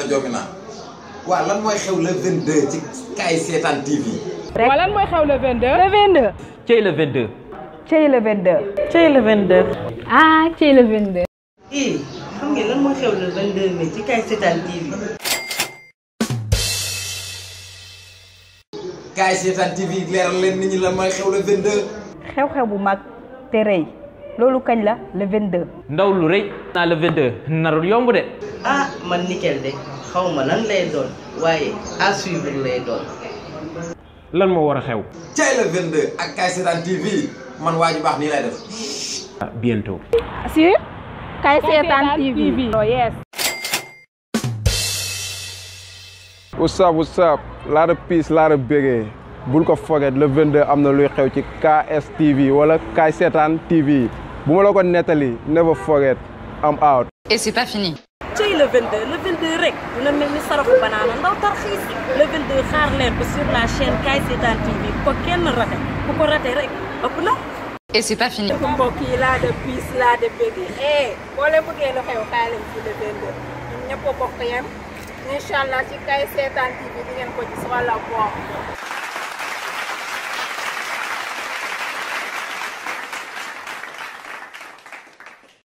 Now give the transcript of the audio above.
a lan mooy xew le 22 ci kaay seetaan TV. rek waaw lan mooy xew le 22. le 22. cey le 22. cey le 22. cey le 22. ah cey lan mooy xew le 22 ah, eh, mai ci kaay seetaan TV. leeral leen nit ñi lan mooy xew le 22. xew-xew bu mag te rëy. loolu kañ la le 22. ndaw lu rëy naa le 22 narul yomb de. ah man nickel de xaw lan lay doon waaye à suivre lay doon. lan moo war a xew. tey le 22 ak Kaay Seetaan TV man waa ju nii lay def. ah bientôt. sur Seetaan TV. oh ko foget le am na luy xew ci wala Kaay Seetaan TV. bu ma la ko nettali never forget I'm out. et c'est pas fini. cëy le 22 le 22 rek mel ni saraxu banaana ndaw tarxiis le xaar leen ko sur la chaîne Kaay Seetaan TV ko kenn rate ku ko rate rek ëpp na. et c'est pas fini. mbokk yi laa de piis laa de bëggee eh boo leen bëggee xew kaay leen fi le 22 ñëpp bokk yem incha allah ci Kaay Seetaan TV di ngeen ko gis wala boo.